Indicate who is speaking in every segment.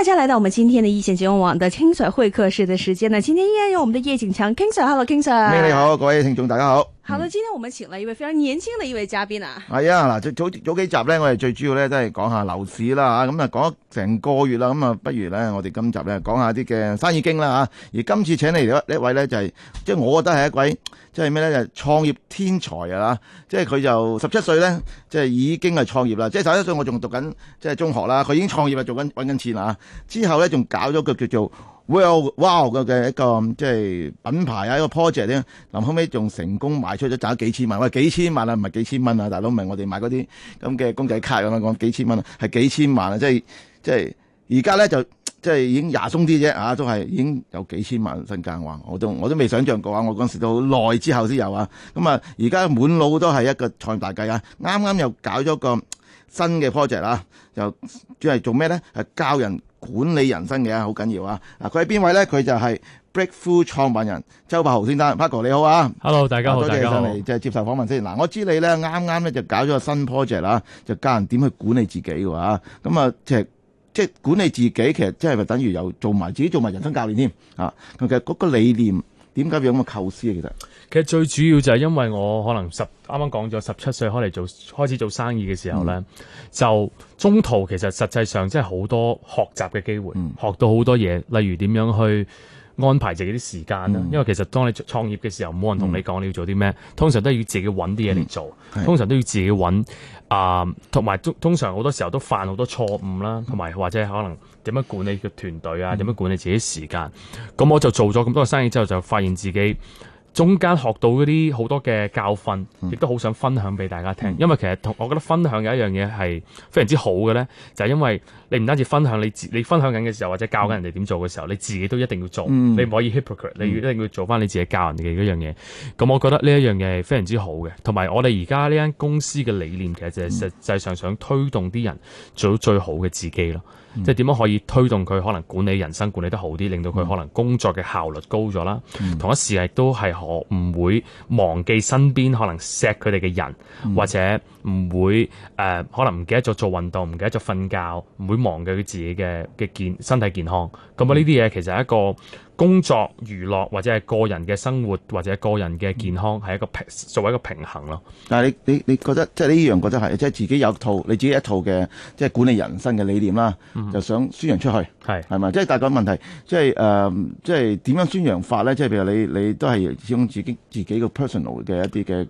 Speaker 1: 大家來到我們今天的一線節目網的 King Sir 會客室的時間呢？今天依然有我們的葉景強，King Sir，Hello，King Sir，咩你好，
Speaker 2: 各位聽眾大家好。好啦，
Speaker 1: 今天我們請了一位非常年輕嘅一位嘉賓啊。
Speaker 2: 係啊，嗱， 早早幾集咧，我哋最主要咧都係講下樓市啦，咁啊講咗成、嗯、個月啦，咁、嗯、啊不如咧，我哋今集咧講下啲嘅生意經啦啊。而今次請你嚟呢位咧就係、是，即係我覺得係一位即係咩咧就創、是就是、業天才啊，即係佢就十七歲咧，即係已經係創業啦。即係十一歲我仲讀緊即係中學啦，佢已經創業啊做緊搵緊錢啊。之後咧仲搞咗個叫做。會有哇嘅嘅一個即係品牌啊，一個 project 咧，嗱後尾仲成功賣出咗賺幾千萬，喂幾千萬啊，唔係幾千蚊啊，大佬，唔係我哋賣嗰啲咁嘅公仔卡咁樣講幾千蚊啊，係幾千萬啊，即係即係而家咧就即係已經廿鬆啲啫啊，都係已經有幾千萬身家，我我都我都未想象過啊，我嗰陣時都好耐之後先有啊，咁啊而家滿腦都係一個財務大計啊，啱啱又搞咗個新嘅 project 啊，又即係做咩咧？係教人。管理人生嘅好緊要啊！嗱、啊，佢係邊位咧？佢就係 Breakthrough 創辦人周柏豪先生。柏豪你好啊！Hello，
Speaker 3: 大家好，多謝你上嚟
Speaker 2: 即係接受訪問先。嗱、啊，我知你咧啱啱咧就搞咗個新 project 啦、啊，就教人點去管理自己㗎嚇。咁啊，啊即係即係管理自己，其實即係咪等於又做埋自己做埋人生教練添啊，啊？其實嗰個理念。點解會有咁嘅構思啊？其實其
Speaker 3: 實最主要就係因為我可能十啱啱講咗十七歲開嚟做開始做生意嘅時候咧，嗯、就中途其實實際上即係好多學習嘅機會，嗯、學到好多嘢，例如點樣去安排自己啲時間啦。嗯、因為其實當你創業嘅時候，冇人同你講你要做啲咩，通常都要自己揾啲嘢嚟做，通常都要自己揾啊，同埋通通常好多時候都犯好多錯誤啦，同埋或者可能。點樣管理個團隊啊？點樣管理自己時間？咁、嗯、我就做咗咁多嘅生意之後，就發現自己中間學到嗰啲好多嘅教訓，嗯、亦都好想分享俾大家聽。嗯、因為其實同我覺得分享有一樣嘢係非常之好嘅咧，就係、是、因為你唔單止分享你自，你分享緊嘅時候或者教緊人哋點做嘅時候，你自己都一定要做，嗯、你唔可以 hypocrite，你要一定要做翻你自己教人哋嘅嗰樣嘢。咁我覺得呢一樣嘢係非常之好嘅。同埋我哋而家呢間公司嘅理念，其實就係實際上想推動啲人做到最好嘅自己咯。即係點樣可以推動佢可能管理人生管理得好啲，令到佢可能工作嘅效率高咗啦。嗯、同一時亦都係學唔會忘記身邊可能錫佢哋嘅人，嗯、或者唔會誒、呃、可能唔記得咗做運動，唔記得咗瞓覺，唔會忘記佢自己嘅嘅健身體健康。咁啊呢啲嘢其實係一個。工作、娛樂或者係個人嘅生活或者個人嘅健康係一個平作為一個平衡咯。
Speaker 2: 但係你你你覺得即係呢樣覺得係即係自己有套你自己一套嘅即係管理人生嘅理念啦，就想宣揚出去係係咪？即係大概個問題即係誒、呃、即係點樣宣揚法咧？即係譬如你你都係用自己自己個 personal 嘅一啲嘅。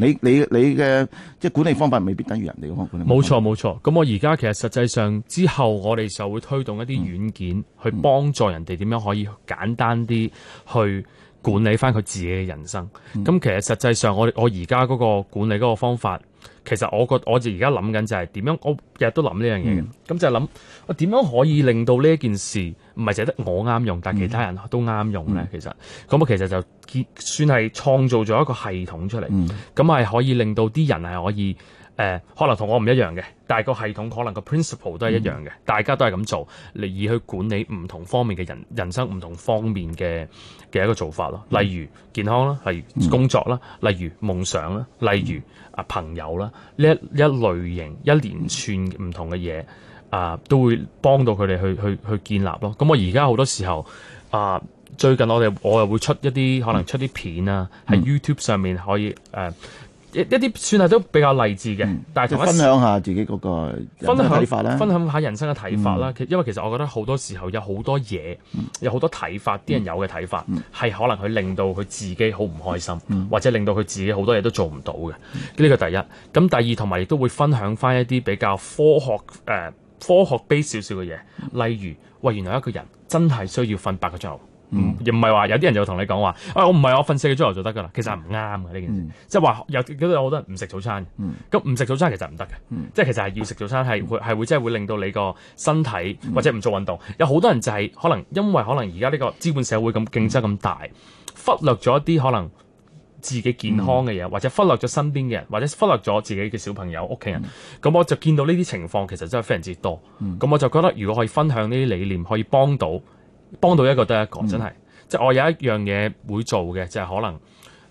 Speaker 2: 你你你嘅即係管理方法，未必等於人哋嘅管理方法。冇錯
Speaker 3: 冇錯。咁我而家其實實際上之後，我哋就會推動一啲軟件去幫助人哋點樣可以簡單啲去管理翻佢自己嘅人生。咁其實實際上，我、嗯、我我而家嗰個管理嗰個方法，其實我覺我就而家諗緊就係點樣。我日日都諗呢樣嘢，咁、嗯、就諗我點樣可以令到呢一件事。唔係淨係得我啱用，但其他人都啱用咧。嗯、其實，咁啊，其實就結算係創造咗一個系統出嚟，咁係、嗯、可以令到啲人係可以誒、呃，可能同我唔一樣嘅，但係個系統可能個 principle 都係一樣嘅，嗯、大家都係咁做嚟而去管理唔同方面嘅人人生唔同方面嘅嘅一個做法咯。例如健康啦，例如工作啦、嗯，例如夢想啦，例如啊朋友啦，呢、嗯、一,一一類型一連串唔同嘅嘢。啊，都會幫到佢哋去去去建立咯。咁我而家好多時候啊，最近我哋我又會出一啲可能出啲片啊，喺 YouTube 上面可以誒一一啲算係都比較勵志嘅。但係同分享
Speaker 2: 下自己嗰個分享分享
Speaker 3: 下人生嘅睇法啦。因為其實我覺得好多時候有好多嘢，有好多睇法，啲人有嘅睇法係可能佢令到佢自己好唔開心，或者令到佢自己好多嘢都做唔到嘅。呢個第一。咁第二同埋亦都會分享翻一啲比較科學誒。科學 base 少少嘅嘢，例如喂，原來一個人真係需要瞓八個鐘頭，嗯、而唔係話有啲人就同你講話，啊我唔係我瞓四個鐘頭就得噶啦，其實係唔啱嘅呢件事，嗯、即係話有嗰有好多人唔食早餐，咁唔食早餐其實唔得嘅，嗯、即係其實係要食早餐係、嗯、會係會即係會、就是、會令到你個身體、嗯、或者唔做運動，有好多人就係可能因為可能而家呢個資本社會咁競爭咁大，忽略咗一啲可能。自己健康嘅嘢，嗯、或者忽略咗身邊嘅人，或者忽略咗自己嘅小朋友、屋企人，咁、嗯、我就見到呢啲情況，其實真係非常之多。咁、嗯、我就覺得，如果可以分享呢啲理念，可以幫到，幫到一個得一個，真係。嗯、即係我有一樣嘢會做嘅，就係、是、可能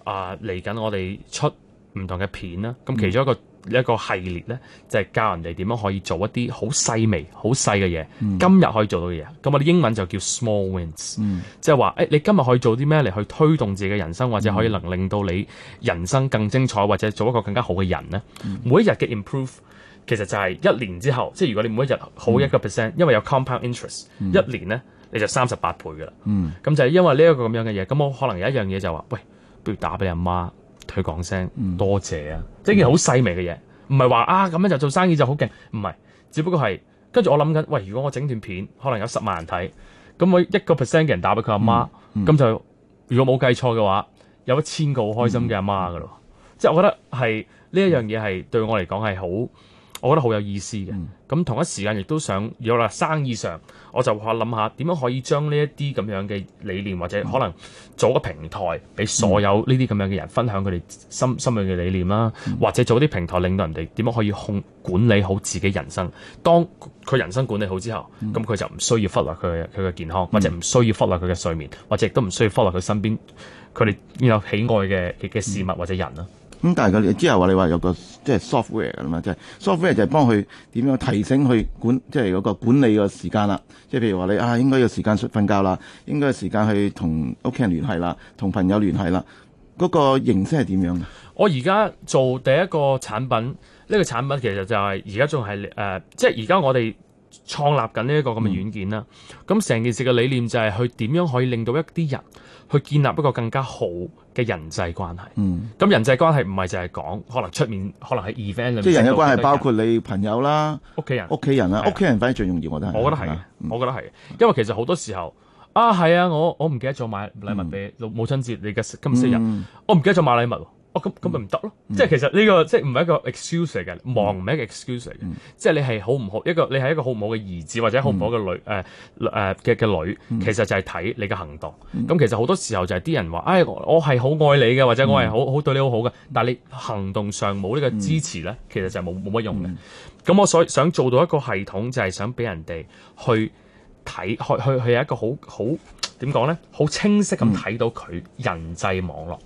Speaker 3: 啊，嚟、呃、緊我哋出唔同嘅片啦。咁其中一個。嗯嗯一個系列咧，就係、是、教人哋點樣可以做一啲好細微、好細嘅嘢，嗯、今日可以做到嘅嘢。咁我哋英文就叫 small wins，嗯、即係話，誒、欸、你今日可以做啲咩嚟去推動自己嘅人生，或者可以能令到你人生更精彩，或者做一個更加好嘅人咧。嗯、每一日嘅 improve 其實就係一年之後，即係如果你每一日好一個 percent，因為有 compound interest，一年咧你就三十八倍噶啦。咁、嗯、就係因為呢一個咁樣嘅嘢。咁我可能有一樣嘢就話、是，喂，不如打俾阿媽，媽。佢講聲多謝、嗯、啊！即件好細微嘅嘢，唔係話啊咁樣就做生意就好勁，唔係，只不過係跟住我諗緊，喂，如果我整段片，可能有十萬人睇，咁我一個 percent 嘅人打俾佢阿媽，咁、嗯嗯、就如果冇計錯嘅話，有一千個好開心嘅阿媽噶咯，嗯、即係我覺得係呢一樣嘢係對我嚟講係好。我覺得好有意思嘅，咁同一時間亦都想，又話生意上，我就話諗下點樣可以將呢一啲咁樣嘅理念，或者可能做一個平台，俾所有呢啲咁樣嘅人分享佢哋心心裏嘅理念啦，嗯、或者做啲平台，令到人哋點樣可以控管理好自己人生。當佢人生管理好之後，咁佢、嗯、就唔需要忽略佢嘅佢嘅健康，或者唔需要忽略佢嘅睡眠，或者亦都唔需要忽略佢身邊佢哋有喜愛嘅嘅事物或者人啦。
Speaker 2: 咁但係佢之後話你話有個即係 software 㗎嘛，即係 software, software 就係幫佢點樣提醒佢管，即係嗰個管理個時間啦。即係譬如話你啊，應該有時間瞓覺啦，應該有時間去同屋企人聯繫啦，同朋友聯繫啦。嗰、那個形式係點樣？我而家做第一個
Speaker 3: 產品，呢、這個產品其實就係而家仲係誒，即係而家我哋。創立緊呢一個咁嘅軟件啦，咁成、嗯、件事嘅理念就係佢點樣可以令到一啲人去建立一個更加好嘅人際關係。咁、嗯、人際關係唔係淨係講可能出面，可能係 event 嘅。即係人嘅關係包括
Speaker 2: 你朋友啦、屋企人、屋企人啊，屋企的人反而最重要，我都我覺得係，
Speaker 3: 我覺得係，因為其實好多時候啊，係啊，我我唔記得咗買禮物俾母親節，嗯、你嘅今日生日，我唔記得咗買禮物。咁咁咪唔得咯？即係、哦、其實呢個即係唔係一個 excuse 嚟嘅，忙唔係一個 excuse 嚟嘅。嗯、即係你係好唔好一個，你係一個好唔好嘅兒子或者好唔好嘅女，誒誒嘅嘅女，其實就係睇你嘅行動。咁、嗯、其實好多時候就係啲人話，誒、哎、我係好愛你嘅，或者我係好好對你好好嘅，但係你行動上冇呢個支持咧，其實就冇冇乜用嘅。咁、嗯、我所以想做到一個系統，就係想俾人哋去睇，去去去，去一個好好點講咧，好清晰咁睇到佢人際網絡。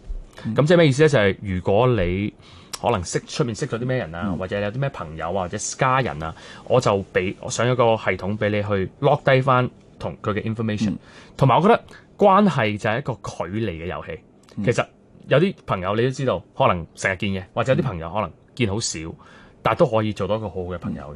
Speaker 3: 咁、嗯、即係咩意思咧？就係、是、如果你可能識出面識咗啲咩人啊，嗯、或者有啲咩朋友啊，或者家人啊，我就俾我上咗個系統俾你去落低返同佢嘅 information。同埋、嗯、我覺得關係就係一個距離嘅遊戲。嗯、其實有啲朋友你都知道，可能成日見嘅，或者有啲朋友可能見好少，但係都可以做到一個好好嘅朋友嘅。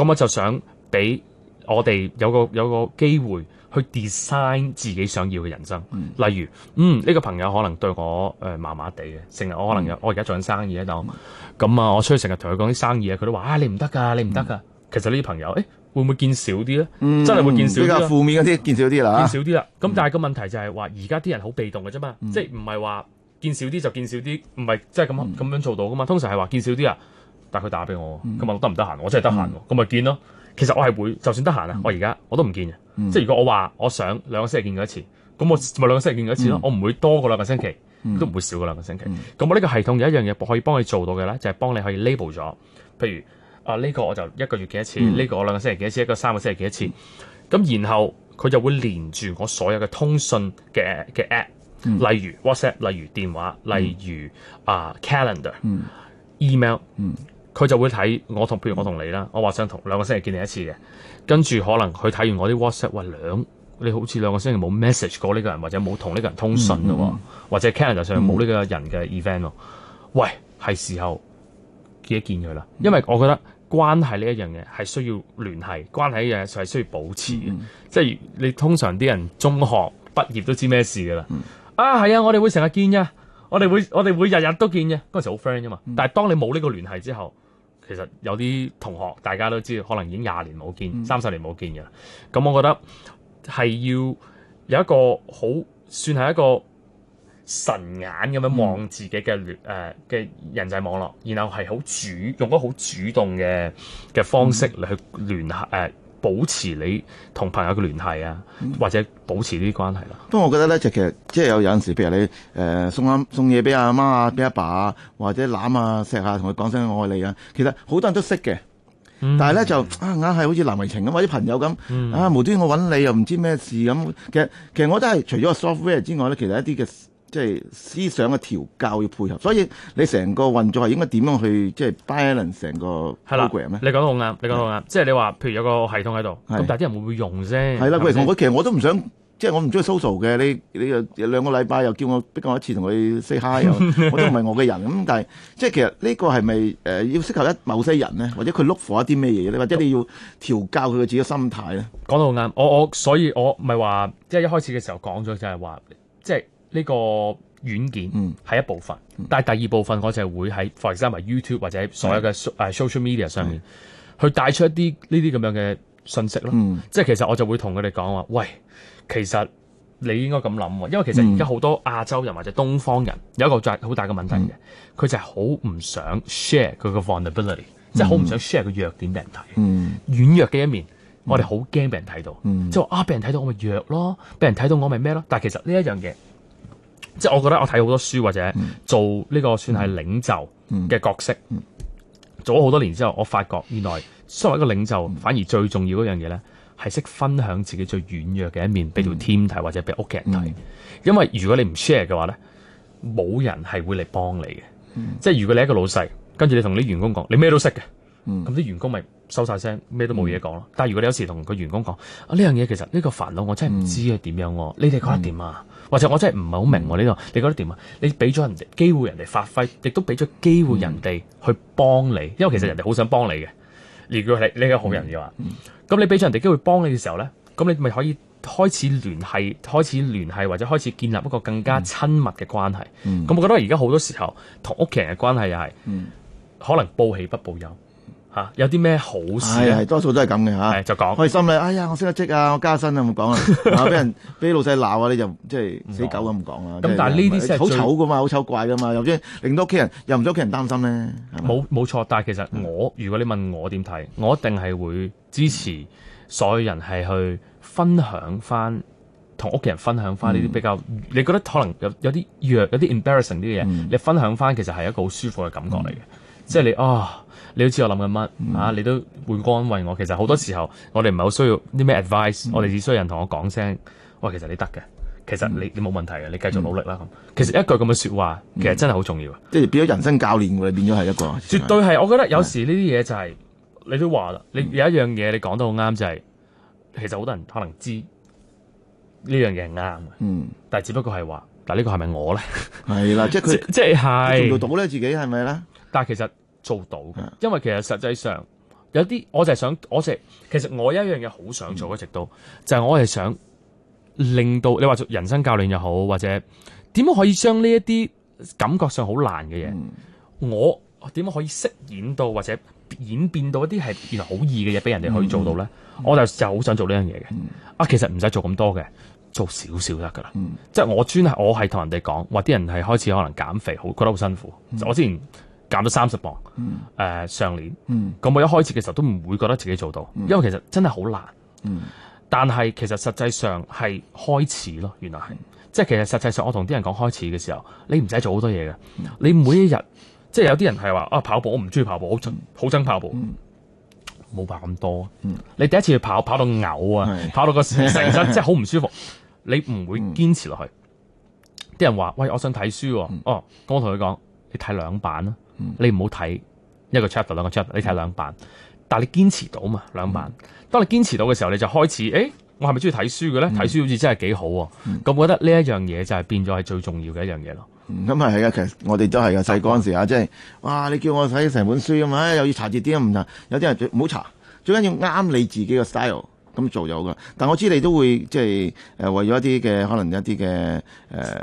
Speaker 3: 咁、嗯、我就想俾我哋有個有個機會。去 design 自己想要嘅人生，例如，嗯呢個朋友可能對我誒麻麻地嘅，成日我可能我而家做緊生意咧，就咁啊，我出去成日同佢講啲生意啊，佢都話啊你唔得噶，你唔得噶。其實呢啲朋友，誒會唔會見少啲咧？真係會見少啲。比較負面嗰啲見少啲啦，見少啲啦。咁但係個問題就係話，而家啲人好被動嘅啫嘛，即係唔係話見少啲就見少啲，唔係即係咁咁樣做到噶嘛。通常係話見少啲啊，但係佢打俾我，咁我得唔得閒？我真係得閒，咁咪見咯。其實我係會，就算得閒啊，我而家我都唔見嘅。即係如果我話我想兩個星期見佢一次，咁我咪兩個星期見佢一次咯。我唔會多過兩個星期，都唔會少過兩個星期。咁我呢個系統有一樣嘢可以幫你做到嘅咧，就係幫你可以 label 咗。譬如啊，呢個我就一個月幾多次，呢個兩個星期幾多次，一個三個星期幾多次。咁然後佢就會連住我所有嘅通訊嘅嘅 app，例如 WhatsApp，例如電話，例如啊
Speaker 2: calendar，email。
Speaker 3: 佢就會睇我同，譬如我同你啦，我話想同兩個星期見你一次嘅，跟住可能佢睇完我啲 WhatsApp，喂兩你好似兩個星期冇 message 過呢個人，或者冇同呢個人通訊嘅，嗯嗯、或者 calendar 上冇呢個人嘅 event 咯、嗯，喂係時候見一見佢啦。嗯、因為我覺得關係呢一樣嘢係需要聯繫，關係呢樣嘢係需要保持嘅，嗯、即係你通常啲人中學畢業都知咩事嘅啦，嗯、啊係啊，我哋會成日見嘅，我哋會我哋會日日都見嘅，嗰陣時好 friend 啫嘛，但係當你冇呢個聯繫之後。其實有啲同學，大家都知道，可能已經廿年冇見，三十，嗯、年冇見嘅。咁我覺得係要有一個好，算係一個神眼咁樣望自己嘅聯誒嘅人際網絡，然後係好主用咗好主動嘅嘅方式嚟去聯繫誒。呃保持你同朋友嘅聯繫啊，或者保持呢啲關係啦。
Speaker 2: 不過 我覺得咧，就其實即係有有陣時，譬如你誒、呃、送阿送嘢俾阿媽啊，俾阿爸啊，媽媽 ler, 或者攬啊錫下同佢講聲愛你啊。Mm hmm. 其實好多人都識嘅，但係咧就啊硬係好似難為情咁，或者朋友咁啊無端我揾你又唔知咩事咁。其實其實我都係除咗 software 之外咧，其實一啲嘅。即係思想嘅調教要配合，所以你成個運作係應該點樣去即係、就是、balance 成個 program 咧？你
Speaker 3: 講得好啱，你講得好啱。即係你話，譬如有個系統喺度，咁但係啲人會唔會用先？係啦，譬如的其實
Speaker 2: 我都唔想，即係我唔中意 social 嘅。你你，你兩個禮拜又叫我逼我一次同佢 say hi，我都唔係我嘅人。咁、 嗯、但係即係其實呢個係咪誒要適合一某些人咧？或者佢 look for 一啲咩嘢你或者你要調教佢嘅自己嘅心態咧？
Speaker 3: 講得好啱，我我所以我咪話，即係一開始嘅時候講咗就係、是、話，即、就、係、是。就是呢個軟件係一部分，嗯、但係第二部分我就係會喺 for example YouTube 或者所有嘅 social media 上面、嗯、去帶出一啲呢啲咁樣嘅信息咯。嗯、即係其實我就會同佢哋講話，喂，其實你應該咁諗，因為其實而家好多亞洲人或者東方人有一個好大嘅問題嘅，佢、嗯、就係好唔想 share 佢個 vulnerability，即係好、嗯、唔想 share 個弱點俾人睇。軟、嗯、弱嘅一面，我哋好驚俾人睇到，即係話啊，俾人睇到我咪弱咯，俾人睇到我咪咩咯。但係其實呢一樣嘢。即係我覺得我睇好多書或者做呢個算係領袖嘅角色，嗯、做咗好多年之後，我發覺原來作為一個領袖，嗯、反而最重要嗰樣嘢呢，係識分享自己最軟弱嘅一面俾條 team 睇或者俾屋企人睇，嗯、因為如果你唔 share 嘅話呢，冇人係會嚟幫你嘅。嗯、即係如果你係一個老細，跟住你同啲員工講，你咩都識嘅。咁啲、嗯、員工咪收晒聲，咩都冇嘢講咯。嗯、但係如果你有時同個員工講，啊呢樣嘢其實呢個煩惱我真係唔知係點樣喎，嗯、你哋覺得點啊？嗯、或者我真係唔係好明喎呢個，嗯、你覺得點啊？你俾咗人哋機會人哋發揮，亦都俾咗機會人哋去幫你，因為其實人哋好想幫你嘅，如果係呢個好人嘅話，咁、嗯嗯、你俾咗人哋機會幫你嘅時候咧，咁你咪可以開始聯繫，開始聯繫或者開始建立一個更加親密嘅關係。咁、嗯嗯、我覺得而家好多時候同屋企人嘅關係又係，可能
Speaker 2: 報喜不報憂。有啲咩好事？係係多數都係咁嘅吓，就講開心啦！哎呀，我升咗職啊，我加薪啊，冇講啦，俾人俾老細鬧啊，你就即係死狗咁唔講啦。咁但係呢啲係好醜噶嘛，好醜怪噶嘛，又即係令到屋企人又唔使屋企人擔心咧。冇冇
Speaker 3: 錯，但係其實我如果你問我點睇，我一定係會支持所有人係去分享翻，同屋企人分享翻呢啲比較你覺得可能有有啲弱有啲 embarrassing 啲嘅嘢，你分享翻其實係一個好舒服嘅感覺嚟嘅，即係你啊。你好似我諗緊乜啊？你都會安慰我。其實好多時候，我哋唔係好需要啲咩 advice，嗯、我哋只需要人同我講聲：喂、欸，其實你得嘅，其實你你冇問題嘅，你繼續努力啦。
Speaker 2: 咁，其實一句咁嘅說話，其實真係好重要。嗯嗯、即係變咗人生教練，我哋變咗係一個。絕
Speaker 3: 對係，我覺得有時呢啲嘢就係、是，是是你都話啦，你有一樣嘢你講得好啱就係、是，其實好多人可能知呢樣嘢係啱。嗯。但係只不過係話，但係呢個係咪我咧？
Speaker 2: 係啦、啊，即係佢，
Speaker 3: 即係做到咧？自己係咪啦？但係其實。做到嘅，因為其實實際上有啲，我就係想，我就係、其實我有一樣嘢好想做一、嗯、直到就係、是、我係想令到你話做人生教練又好，或者點樣可以將呢一啲感覺上好難嘅嘢，嗯、我點樣可以飾演到或者演變到一啲係原來好易嘅嘢俾人哋去做到咧？嗯嗯、我就就好想做呢樣嘢嘅。嗯、啊，其實唔使做咁多嘅，做少少得㗎啦。即係、嗯、我專係我係同人哋講，話啲人係開始可能減肥好，覺得好辛苦。我之前。嗯減咗三十磅，誒、呃、上年，咁、嗯、我一開始嘅時候都唔會覺得自己做到，因為其實真係好難。但係其實實際上係開始咯，原來係，是即係其實實際上我同啲人講開始嘅時候，你唔使做好多嘢嘅，你每一日，即係有啲人係話啊跑步，我唔中意跑步，好好憎跑步，冇、嗯、跑咁多。嗯、你第一次去跑，跑到嘔啊，跑到個成身是 即係好唔舒服，你唔會堅持落去。啲人話：喂，我想睇書，哦，咁、嗯嗯、我同佢講。嗯嗯啊嗯你睇兩版咯，你唔好睇一個 chapter 兩個 chapter，你睇兩版。但係你堅持到嘛，兩版。當你堅持到嘅時候，你就開始，誒、欸，我係咪中意睇書嘅咧？睇、嗯、書好似真係幾好喎、啊。咁我覺得呢一樣嘢就係變咗係最重
Speaker 2: 要嘅一樣嘢咯。咁係係啊，其實我哋都係嘅。細個嗰陣時啊，即係哇，你叫我睇成本書啊嘛，又要查字典唔得，有啲人最唔好查。最緊要啱你自己嘅 style 咁做有噶。但我知你都會即係誒、呃、為咗一啲嘅可能一啲嘅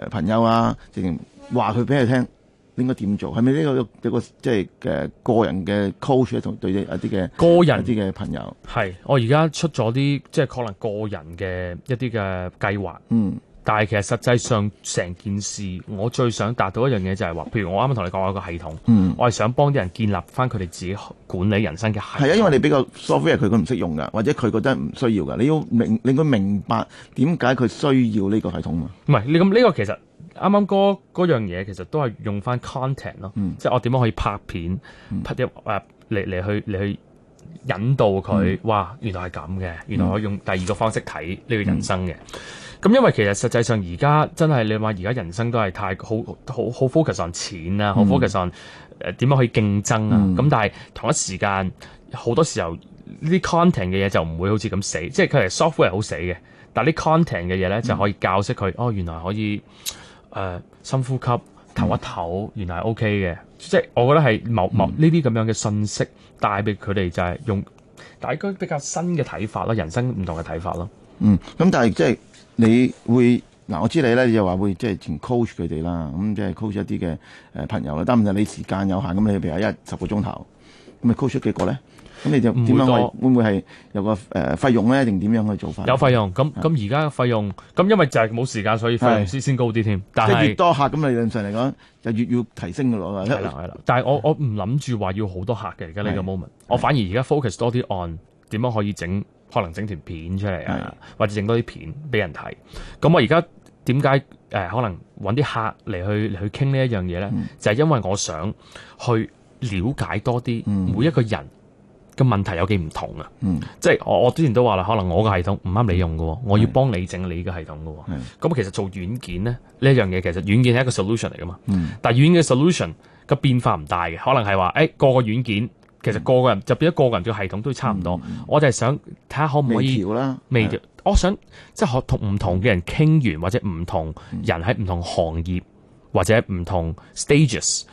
Speaker 2: 誒朋友啊，直情話佢俾佢聽。應該點做？係咪呢個一個即係嘅個人嘅 coach 同對一啲嘅個人啲嘅朋友？
Speaker 3: 係，我而家出咗啲即係可能個人嘅一啲嘅計劃。嗯，但係其實實際上成件事，我最想達到一樣嘢就係話，譬如我啱啱同你講過，一個系統，嗯，我係想幫啲人建立返佢
Speaker 2: 哋自己管理人生嘅系統。係啊，因為你俾個 software 佢佢唔識用㗎，或者佢覺得唔需要㗎，你要明，應該明白點解佢需要呢個系統嘛？
Speaker 3: 唔係你咁呢個其實。啱啱嗰樣嘢其實都係用翻 content 咯，mm. 即係我點樣可以拍片，mm. 拍啲誒嚟嚟去嚟去引導佢，mm. 哇！原來係咁嘅，原來可以用第二個方式睇呢個人生嘅。咁，mm. 因為其實實際上而家真係你話而家人生都係太好好好 focus on 錢啊，好 focus on 誒點樣去競爭啊。咁，mm. 但係同一時間好多時候呢啲 content 嘅嘢就唔會好似咁死，即係佢係 software 係好死嘅，但係啲 content 嘅嘢咧就可以教識佢，哦，哦，哦，原來可以。誒、uh, 深呼吸，唞一唞，嗯、原來係 O K 嘅，即係我覺得係冇冇呢啲咁樣嘅信息、嗯、帶俾佢哋，就係用大家比較新嘅睇法啦，人生唔同嘅睇
Speaker 2: 法咯。嗯，咁但係即係你會嗱，我知你咧，你就話會即係從 coach 佢哋啦，咁即係 coach 一啲嘅誒朋友啦。但係你時間有限，咁你譬如話一日十個鐘頭，咁你 coach 出幾個咧？咁你就點樣會唔會係有個誒、呃、費用咧？定點樣嘅做法？有費
Speaker 3: 用，咁咁而家嘅費用，咁因為就係冇時間，所以費用先高啲添。啊、但係是越多
Speaker 2: 客，咁理論上嚟講，就越要提升嘅咯。係啦、啊，係啦、啊。啊、但係我我唔諗住話要好
Speaker 3: 多客嘅，而家呢個 moment，、啊啊、我反而而家 focus 多啲 on 點樣可以整，可能整條片出嚟啊，啊或者整多啲片俾人睇。咁我而家點解誒可能揾啲客嚟去去傾呢一樣嘢咧？嗯、就係因為我想去了解多啲每一個人、嗯。個問題有幾唔同啊？嗯，即係我我之前都話啦，可能我，係我個系統唔啱你用嘅，我要幫你整你嘅系統嘅。咁其實做軟件咧呢一樣嘢，其實軟件係一個 solution 嚟噶嘛。嗯、但係軟件 solution 嘅變化唔大嘅，可能係話誒個個軟件其實個個人、嗯、就變咗個個人嘅系統都差唔多。嗯嗯、我就係想睇下可唔可以微調啦，微調。調的我想即係可同唔同嘅人傾完，或者唔同人喺唔同行業或者唔同 stages。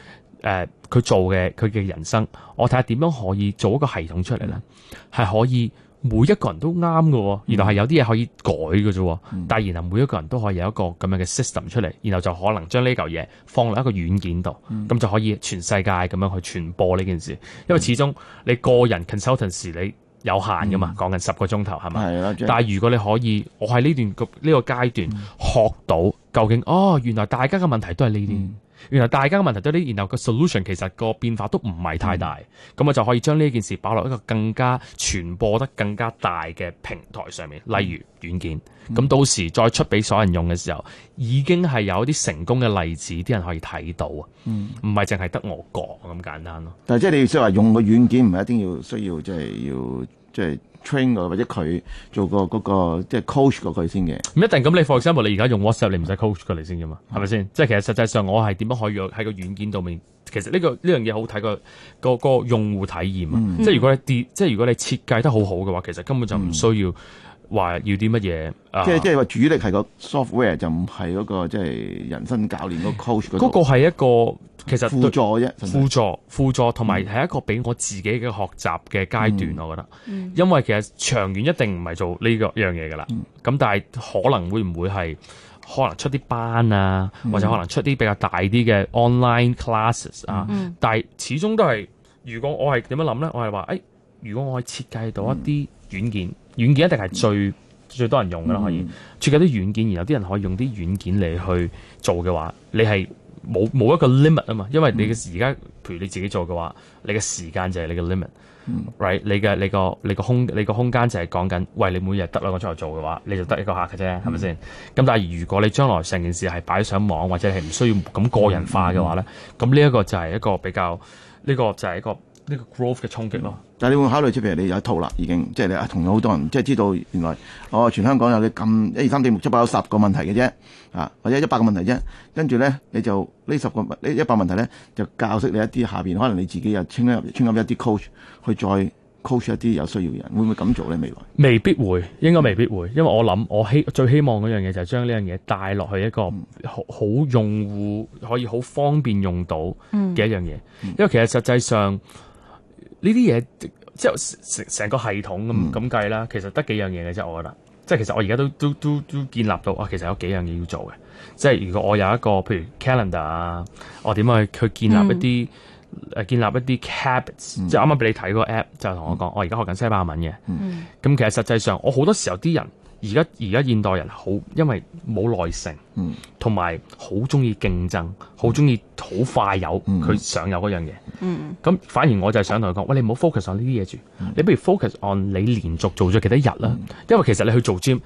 Speaker 3: 誒佢、呃、做嘅佢嘅人生，我睇下點樣可以做一個系統出嚟咧，係、嗯、可以每一個人都啱嘅。原來係有啲嘢可以改嘅啫，嗯、但係然後每一個人都可以有一個咁樣嘅 system 出嚟，然後就可能將呢嚿嘢放落一個軟件度，咁、嗯、就可以全世界咁樣去傳播呢件事。因為始終你個人 consultant 時你有限嘅嘛，講緊、嗯、十個鐘頭係嘛？嗯、但係如果你可以我，我喺呢段呢個階段學到究竟，哦原來大家嘅問題都係呢啲。嗯原來大家嘅問題都啲，然後個 solution 其實個變化都唔係太大，咁、嗯、我就可以將呢件事擺落一個更加傳播得更加大嘅平台上面，例如軟件。咁、嗯、到時再出俾所有人用嘅時候，已經係有一啲成功嘅例子，啲人可以睇到啊，唔係淨係得我講咁簡單咯。
Speaker 2: 但係即係你要即係話用個軟件唔係一定要需要即係、即係、要即係。即係 train 我或者佢做過嗰個即係 coach 過佢先嘅，
Speaker 3: 唔一定。咁你 for example，你而家用 WhatsApp，你唔使 coach 佢嚟先嘅嘛？係咪先？即係其實實際上我係點樣可以喺個軟件度面？其實呢個呢樣嘢好睇個個個用戶體驗啊！嗯、即係如果你跌，即係如果你設計得好好嘅話，其實根本就唔需要。嗯話要啲乜嘢？即係即係
Speaker 2: 話主力係個 software，就唔係嗰個即係、就是、人生教練 co 個 coach 嗰個。嗰個
Speaker 3: 係一個其實輔助啫，輔助輔助同埋係一個俾我自己嘅學習嘅階段。嗯、我覺得，因為其實長遠一定唔係做呢個一樣嘢噶啦。咁、嗯、但係可能會唔會係可能出啲班啊，嗯、或者可能出啲比較大啲嘅 online classes 啊？嗯嗯、但係始終都係，如果我係點樣諗咧，我係話誒，如果我可以設計到一啲軟件。軟件一定係最、嗯、最多人用嘅啦，可以設計啲軟件，然後啲人可以用啲軟件嚟去做嘅話，你係冇冇一個 limit 啊嘛，因為你嘅而家譬如你自己做嘅話，你嘅時間就係你嘅 limit，right？你嘅你個你個空你個空間就係講緊，喂，你每日得兩個鐘頭做嘅話，你就得一個客嘅啫，係咪先？咁吧但係如果你將來成件事係擺上網或者係唔需要咁個人化嘅話咧，咁呢一個就係一個比較呢、呢個就係一個。呢個 growth 嘅衝擊咯，
Speaker 2: 但係你會考慮即譬如你有一套啦，已經即係你啊，同好多人即係知道原來哦，全香港有你咁一二三四五六七八九十個問題嘅啫啊，或者一百個問題啫，跟住咧你就呢十個呢一百問題咧，就教識你一啲下邊，可能你自己又穿入穿入一啲 coach 去再 coach 一啲有需要嘅人，會唔會咁做咧？未來
Speaker 3: 未必會，應該未必會，因為我諗我希最希望嗰樣嘢就係將呢樣嘢帶落去一個好好用戶可以好方便用到嘅一樣嘢，嗯、因為其實實際上。呢啲嘢即係成成個系統咁咁計啦，其實得幾樣嘢嘅啫，我覺得。即係其實我而家都都都都建立到啊、哦，其實有幾樣嘢要做嘅。即係如果我有一個譬如 calendar 啊，我點樣去去建立一啲誒、嗯啊、建立一啲 habits，嗯、即係啱啱俾你睇個 app 就同我講，我而家學緊西班牙文嘅。咁、嗯、其實實際上我好多時候啲人。而家而家現代人好，因為冇耐性，同埋好中意競爭，好中意好快有佢、嗯、想有嗰樣嘢。咁、嗯、反而我就想同佢講，喂，你唔好 focus 喺呢啲嘢住，嗯、你不如 focus on 你連續做咗幾多日啦。嗯、因為其實你去做 gym，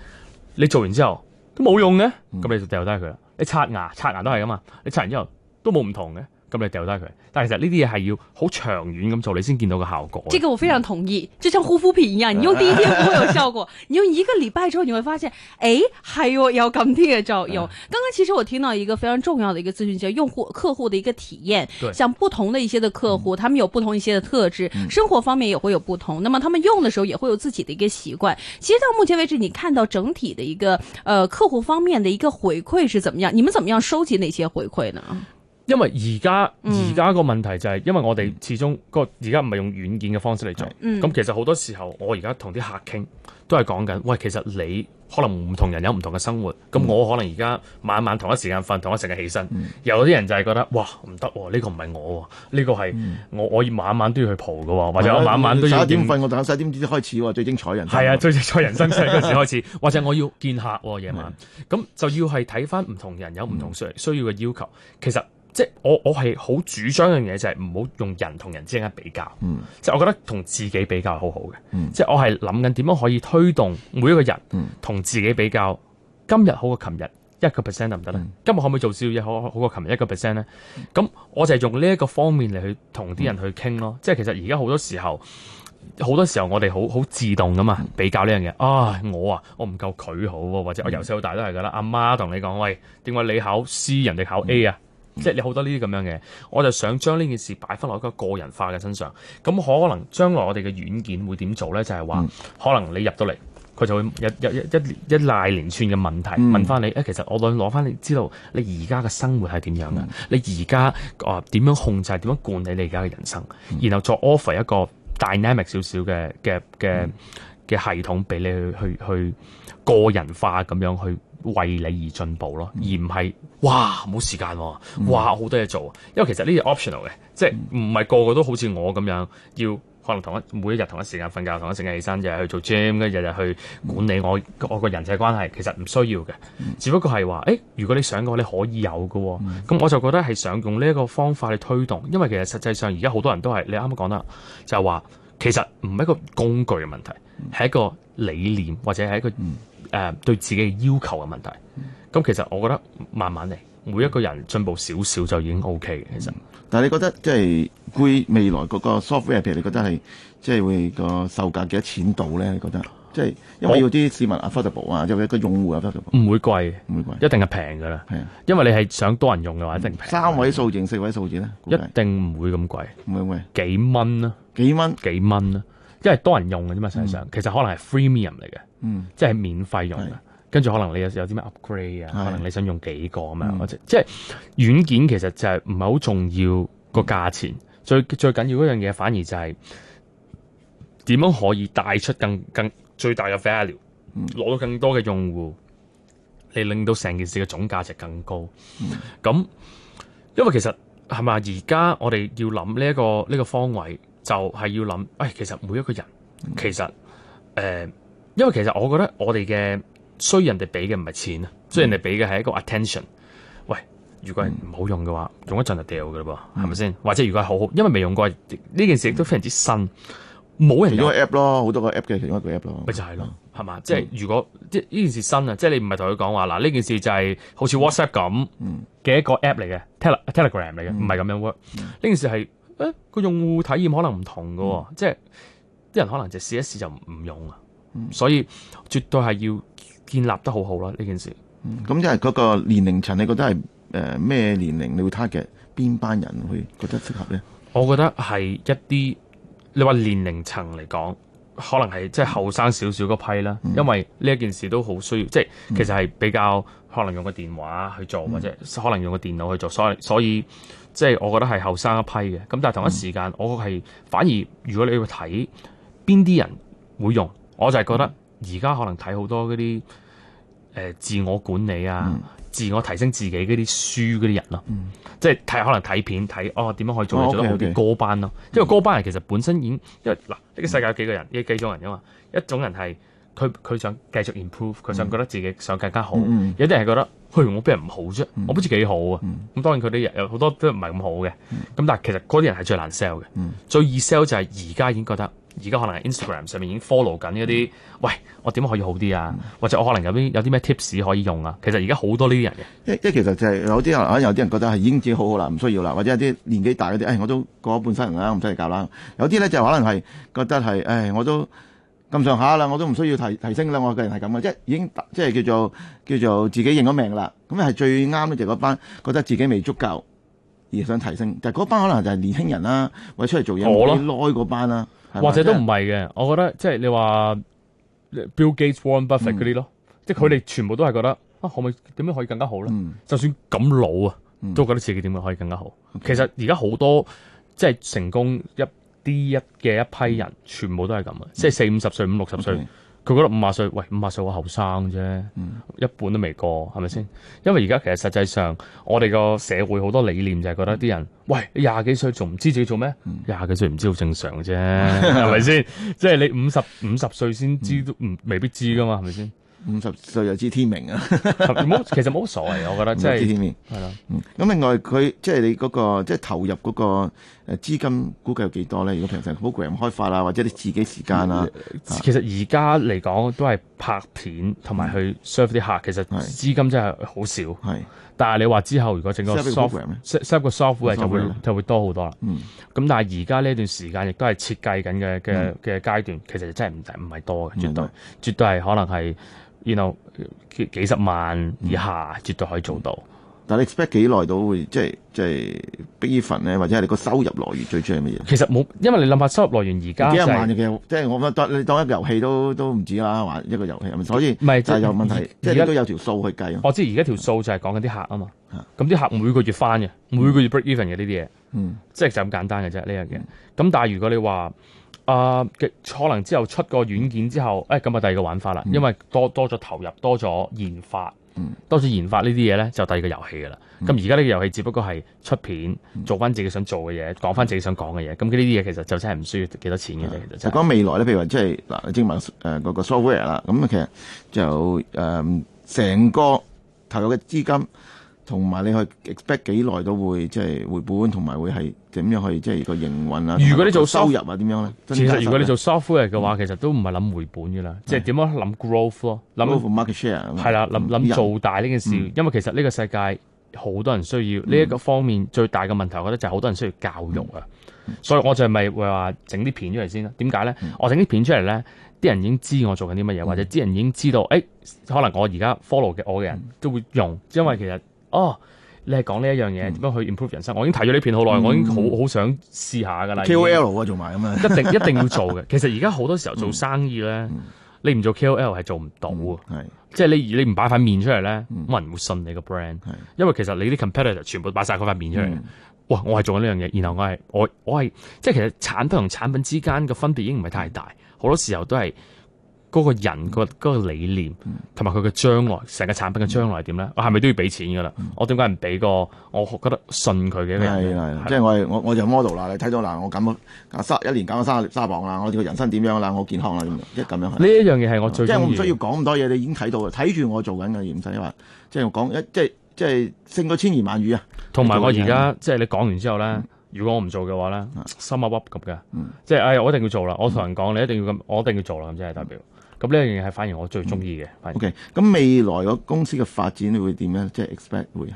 Speaker 3: 你做完之後都冇用嘅，咁、嗯、你就掉低佢啦。你刷牙刷牙都係噶嘛，你刷完之後都冇唔同嘅。咁你掉低佢，但係其實呢啲嘢係要好長遠咁做，你先見到個效果。這個我非
Speaker 1: 常同意，嗯、就像護膚品一樣，你用第一天不會有效果， 你用一個禮拜之後你會發現，哎，係喎、哦，有咁啲嘅作用。嗯、剛剛其實我聽到一個非常重要的一個資訊，叫用戶客戶的一個體驗。對，像不同的一些的客戶，嗯、他們有不同一些的特質，生活方面也會有不同，嗯、那麼他們用的時候也會有自己的一個習慣。其實到目前為止，你看到整體的一個，誒、呃、客戶方面的一個回饋是怎麼樣？你們怎麼樣收集那些回饋呢？
Speaker 3: 因為而家而家個問題就係，因為我哋始終個而家唔係用軟件嘅方式嚟做，咁、嗯、其實好多時候我而家同啲客傾，都係講緊，喂，其實你可能唔同人有唔同嘅生活，咁、嗯、我可能而家晚晚同一時間瞓，同一時間起身，嗯、有啲人就係覺得，哇，唔得，呢、這個唔係我，呢、這個係、嗯、我我要晚晚都要去蒲
Speaker 2: 嘅，或者我晚晚都要，要、啊。」十一點瞓，我等十一點先開始喎，最精彩人生啊，最精彩人生十一點開
Speaker 3: 始。 或者我要見客夜晚，咁的就要係睇翻唔同人有唔同需要需要嘅要求，其實。即係我我係好主張一樣嘢就係唔好用人同人之間比較，嗯、即係我覺得同自己比較好好嘅，嗯、即係我係諗緊點樣可以推動每一個人同自己比較，今日好過琴日一個 percent 得唔得咧？行行啊，嗯、今日可唔可以做少嘢好好過琴日一個 percent 咧？咁我就係用呢一個方面嚟去同啲人去傾咯。嗯、即係其實而家好多時候，好多時候我哋好好自動噶嘛，比較呢樣嘢。啊，我啊，我唔夠佢好、啊，或者我由細到大都係噶啦。阿媽同你講，喂，點解你考 C，人哋考 A 啊？嗯、即係你好多呢啲咁樣嘅，我就想將呢件事擺翻落一個個人化嘅身上。咁可能將來我哋嘅軟件會點做咧？就係、係、話，嗯、可能你入到嚟，佢就會一一一一,一連串嘅問題、嗯、問翻你。誒，其實我攞攞翻你知道你而家嘅生活係點樣嘅？嗯、你而家啊點樣控制？點樣管理你而家嘅人生？嗯、然後再 offer 一個 dynamic 少少嘅嘅嘅嘅系統俾你去去去，去個人化咁樣去。去為你而進步咯，而唔係哇冇時間喎、啊，哇好、嗯、多嘢做。因為其實呢啲 optional 嘅，即係唔係個個都好似我咁樣，要可能同一每一日同一時間瞓覺，同一時間起身日日去做 gym，日日去管理我、嗯、我,我個人際關係。其實唔需要嘅，嗯、只不過係話，誒、欸、如果你想嘅話，你可以有㗎。咁、嗯、我就覺得係想用呢一個方法去推動，因為其實實際上而家好多人都係你啱啱講得，就係、是、話其實唔係一個工具嘅問題，係一個理念或者係一,一個。嗯誒對自己要求嘅問題，咁其實我覺得慢慢嚟，每一個人進
Speaker 2: 步少少就已經 OK 嘅。其實，但係你覺得即係歸未來嗰個 software，譬如你覺得係即係會個售價幾多錢度咧？你覺得即係因為要啲市民 affordable 啊，因為個用戶又 affordable，唔會貴，唔會貴，
Speaker 3: 一定係平㗎啦。係
Speaker 2: 啊，因為你係想多人
Speaker 3: 用嘅話，一定平。三位數字定四位數字咧，一定唔會咁貴。唔會，幾蚊啊？幾蚊？幾蚊啦？因為多人用嘅啫嘛，實際上其實可能係 freemium 嚟嘅，嗯、即係免費用。跟住是可能你有有啲咩 upgrade 啊是，可能你想用幾個咁樣，或者、嗯、即係軟件其實就係唔係好重要個價錢，嗯、最最緊要嗰樣嘢反而就係點樣可以帶出更更最大嘅 value，攞到、嗯、更多嘅用戶嚟令到成件事嘅總價值更高。咁、嗯、因為其實係咪而家我哋要諗呢一個呢、呢個方位。就係要諗，誒、哎、其實每一個人、嗯、其實誒、呃，因為其實我覺得我哋嘅衰人哋俾嘅唔係錢啊，衰人哋俾嘅係一個 attention。喂，如果係唔好用嘅話，用一陣就掉㗎喇喎，係咪先？或者如果係好好，因為未用過呢件事亦都非常之新，冇、嗯、人。用
Speaker 2: app 咯，好多個 app 嘅其中一個 app 咯，咪就係
Speaker 3: 咯，係嘛、嗯？即係如果即呢、嗯、件事新啊，即係你唔係同佢講話嗱，呢件事就係好似 WhatsApp 咁嘅一個 app 嚟嘅 Telegram 嚟嘅，唔係咁樣 work、嗯。呢件事係。誒，個、欸、用戶體驗可能唔同嘅、哦，嗯、即係啲人可能試試就試一試就唔用啊，嗯、所以絕對係要
Speaker 2: 建立得好好啦呢件事。咁即係嗰個年齡層，你覺得係誒咩年齡會 target 邊班人會覺得適合咧？
Speaker 3: 我覺得係一啲你話年齡層嚟講。可能係即係後生少少嗰批啦，嗯、因為呢一件事都好需要，嗯、即係其實係比較可能用個電話去做，或者、嗯、可能用個電腦去做，所以所以即係我覺得係後生一批嘅。咁但係同一時間，嗯、我係反而如果你要睇邊啲人會用，我就係覺得而家可能睇好多嗰啲誒自我管理啊。嗯自我提升自己嗰啲書嗰啲人咯，嗯、即係睇可能睇片睇哦點樣可以做、哦、做得好啲 okay, okay, 歌班咯，因為歌班人其實本身已經，因為嗱呢、這個世界有幾個人，呢幾種人噶嘛，一種人係佢佢想繼續 improve，佢想覺得自己想更加好，嗯嗯嗯、有啲人係覺得。譬如我俾人唔好啫，我不好我唔知幾好啊！咁、嗯、當然佢哋有好多都唔係咁好嘅，咁、嗯、但係其實嗰啲人係最難 sell 嘅，嗯、最易 sell 就係而家已經覺得而家可能係 Instagram 上面已經 follow 緊一啲，嗯、喂我點樣可以好啲啊？嗯、或者我可能有啲有啲咩 tips 可以用啊？其實而家好多呢啲人嘅，
Speaker 2: 即即其實就係有啲人可能有啲人覺得係已經自己好好啦，唔需要啦，或者有啲年紀大嗰啲，唉、哎、我都過咗半生人啦，唔使你教啦。有啲咧就可能係覺得係，唉、哎、我都。咁上下啦，我都唔需要提提升啦。我個人係咁嘅，即係已經即係叫做叫做自己認咗命啦。咁係最啱嘅就嗰、是、班覺得自己未足夠而想提升，但係嗰班可能就係年輕人啦，或者出嚟做嘢唔耐嗰
Speaker 3: 班啦，或者都唔係嘅。我覺得即係你話 Bill Gates Warren、嗯、Warren Buffett 嗰啲咯，即係佢哋全部都係覺得啊，可唔可以點樣可以更加好咧？嗯、就算咁老啊，都覺得自己點樣可以更加好。嗯、其實而家好多即係成功一。啲一嘅一批人，全部都係咁嘅，即係四五十歲、五六十歲，佢覺得五啊歲，喂，五啊歲我後生啫，一半都未過，係咪先？因為而家其實實際上，我哋個社會好多理念就係覺得啲人，喂，廿幾歲仲唔知自己做咩？廿幾歲唔知好正常嘅啫，係咪先？即係你五十五十歲先知都唔未必知噶嘛，係咪先？
Speaker 2: 五十歲又知天命啊！其實冇所謂，我覺得即係知天命係啦。咁另外佢即係你個即係投入個。誒資金估計有幾多咧？如果平常 program 開發啊，或者你自己時間啊，嗯、是其實而家嚟講都係拍片
Speaker 3: 同埋去 serve 啲客，嗯、其實資金真係好少。係是，但係你話之後如果整個 software，set set software 就會, soft 就,會就會多好多啦。咁、嗯、但係而家呢段時間亦都係設計緊嘅嘅嘅階段，其實真係唔唔係多嘅，絕對、嗯、絕對係可能係
Speaker 2: 然後幾幾十萬以下，絕對可以做到。嗯但你 expect 幾耐到會即係即係 break even 咧，或者係你個收入來源最出係乜嘢？其實冇，因為你諗下收入來源而家、就是、幾萬即係我覺得當你當一個遊戲都都唔止啦，玩一個遊戲，所以唔係是就係有問題，在即係而家都有條數去計。
Speaker 3: 我知而家條數就係講緊啲客啊嘛，咁啲是客每個月翻嘅，嗯、每個月 break even 嘅呢啲嘢，嗯，即係就咁簡單嘅啫呢樣嘢。咁、嗯、但係如果你話啊，可、呃、能之後出個軟件之後，誒咁啊第二個玩法啦，因為多多咗投入，多咗研發。多數研發呢啲嘢咧，就第二個遊戲噶啦，咁而家呢個遊戲只不過係出片，嗯、做翻自己想做嘅嘢，講翻自己想講嘅嘢，咁呢啲嘢其實就真係唔需要幾多錢嘅。嗯、其實就
Speaker 2: 講未來咧，譬如話即係嗱，英文誒嗰個 software 啦、嗯，咁其實就誒成、呃、個投入嘅資金。同埋你可以 expect 幾耐都會即係回本，同埋會係點樣去即係個營運啊？如果你做收入啊，點樣咧？其實如果你
Speaker 3: 做 software 嘅話，其實都唔係諗回本噶啦，即係點樣諗 growth 咯？諗 market share 係啦，諗諗做大呢件事，因為其實呢個世界好多人需要，呢一個方面最大嘅問題，我覺得就係好多人需要教育啊。所以我就咪會話整啲片出嚟先啦。點解咧？我整啲片出嚟咧，啲人已經知我做緊啲乜嘢，或者啲人已經知道，誒，可能我而家 follow 嘅我嘅人都會用，因為其實。哦，oh，你係講呢一樣嘢點樣去 improve、嗯、人生？我已經睇咗呢片好耐，嗯、我已經好好想試下㗎喇。K O L 啊，做埋
Speaker 2: 咁樣， 一定一定要做
Speaker 3: 嘅。其實而家好多時候做生意咧，你唔做 K O L 係做唔到啊。即係你你唔擺塊面出嚟咧，冇人會信你個 brand。是因為其實你啲 competitor 全部擺晒嗰塊面出嚟。嗯、哇，我係做緊呢樣嘢，然後我係我我係即係其實產品同產品之間嘅分別已經唔係太大，好多時候都係。嗰個人、個嗰個理念同埋佢嘅將來，成個產品嘅將來係點咧？我係咪都要俾錢噶啦？嗯、我點解唔俾個我
Speaker 2: 覺得信佢嘅？係係，即係我我我就 model 啦。你睇到嗱，我減咗三一年減咗三三磅啦，我個人生點樣啦？我健康啦咁樣，即係咁樣。呢一樣嘢係我最即係我唔需要講咁多嘢，你已經睇到啦。睇住我做緊嘅嘢，唔使話即係講一即係即係勝過千言萬語啊！同埋我而家
Speaker 3: 即係你講完之後咧，嗯、如果我唔做嘅話咧，心一鬱咁嘅，即係哎我一定要做啦！我同人講你一定要咁，我一定要做啦！咁即係代表。咁呢樣嘢係反而我最中意嘅。
Speaker 2: OK，咁未來個公司嘅發展你會點樣？即、就、係、是、expect 會係，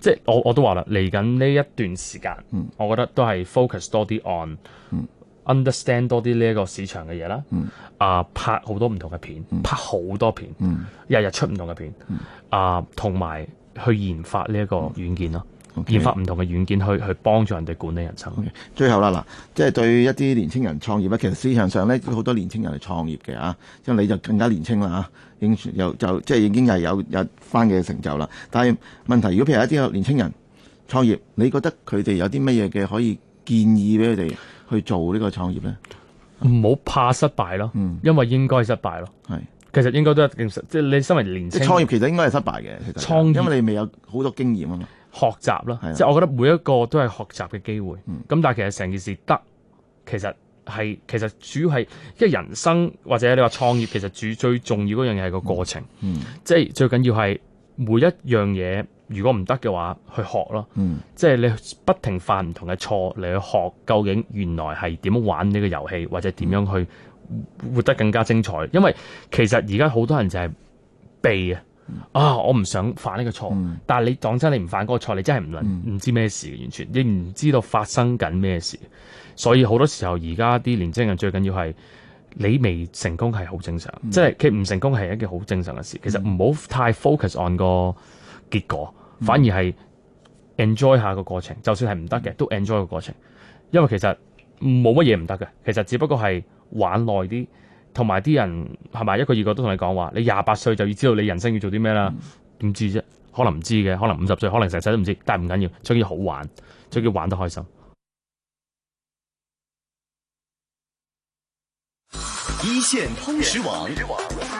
Speaker 2: 即係我我都話
Speaker 3: 啦，嚟緊呢一段時間，嗯、我覺得都係 focus 多啲 on，understand、嗯、多啲呢一個市場嘅嘢啦。啊、嗯呃，拍好多唔同嘅片，嗯、拍好多片，日日、嗯、出唔同嘅片。啊、嗯，同埋、呃、去研發呢一個軟件咯。Okay. 研發唔同嘅軟件去去幫助人哋管理人生。Okay.
Speaker 2: 最後啦，嗱，即係對一啲年青人創業咧，其實市場上咧好多年青人係創業嘅啊。即係你就更加年青啦啊，已經有就即係已經係有有番嘅成就啦。但係問題，如果譬如一啲年青人創業，你覺得佢哋有啲乜嘢嘅可以建議俾佢哋去做個創呢個創業咧？
Speaker 3: 唔好
Speaker 2: 怕失敗咯，嗯、因為應該失敗咯。係、嗯，其實應該都一定即係你身為年青人創業，其實應該係失敗嘅，實創業 因為你未有好多經驗啊嘛。學習咯，的即係我
Speaker 3: 覺得每一個都係學習嘅機會。咁、嗯、但係其實成件事得，其實係其實主要係，即係人生或者你話創業，其實主最重要嗰樣嘢係個過程。嗯嗯、即係最緊要係每一樣嘢，如果唔得嘅話，去學咯。嗯、即係你不停犯唔同嘅錯嚟去學，究竟原來係點樣玩呢個遊戲，或者點樣去活得更加精彩。嗯嗯、因為其實而家好多人就係避啊。啊！我唔想犯呢個錯，嗯、但係你講真，你唔犯嗰個錯，你真係唔能唔知咩事，嗯、完全亦唔知道發生緊咩事。所以好多時候而家啲年青人最緊要係你未成功係好正常，即係佢唔成功係一件好正常嘅事。嗯、其實唔好太 focus on 個結果，嗯、反而係 enjoy 下個過程。就算係唔得嘅，嗯、都 enjoy 個過程，因為其實冇乜嘢唔得嘅。其實只不過係玩耐啲。同埋啲人係咪一個二個都同你講話，你廿八歲就要知道你人生要做啲咩啦？點知啫？可能唔知嘅，可能五十歲，可能成世都唔知。但係唔緊要，最緊要好玩，最緊要玩得開心。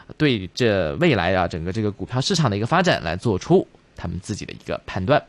Speaker 4: 對這未來啊，整個這個股票市場的一個發展，來做出他們自己的一個判斷。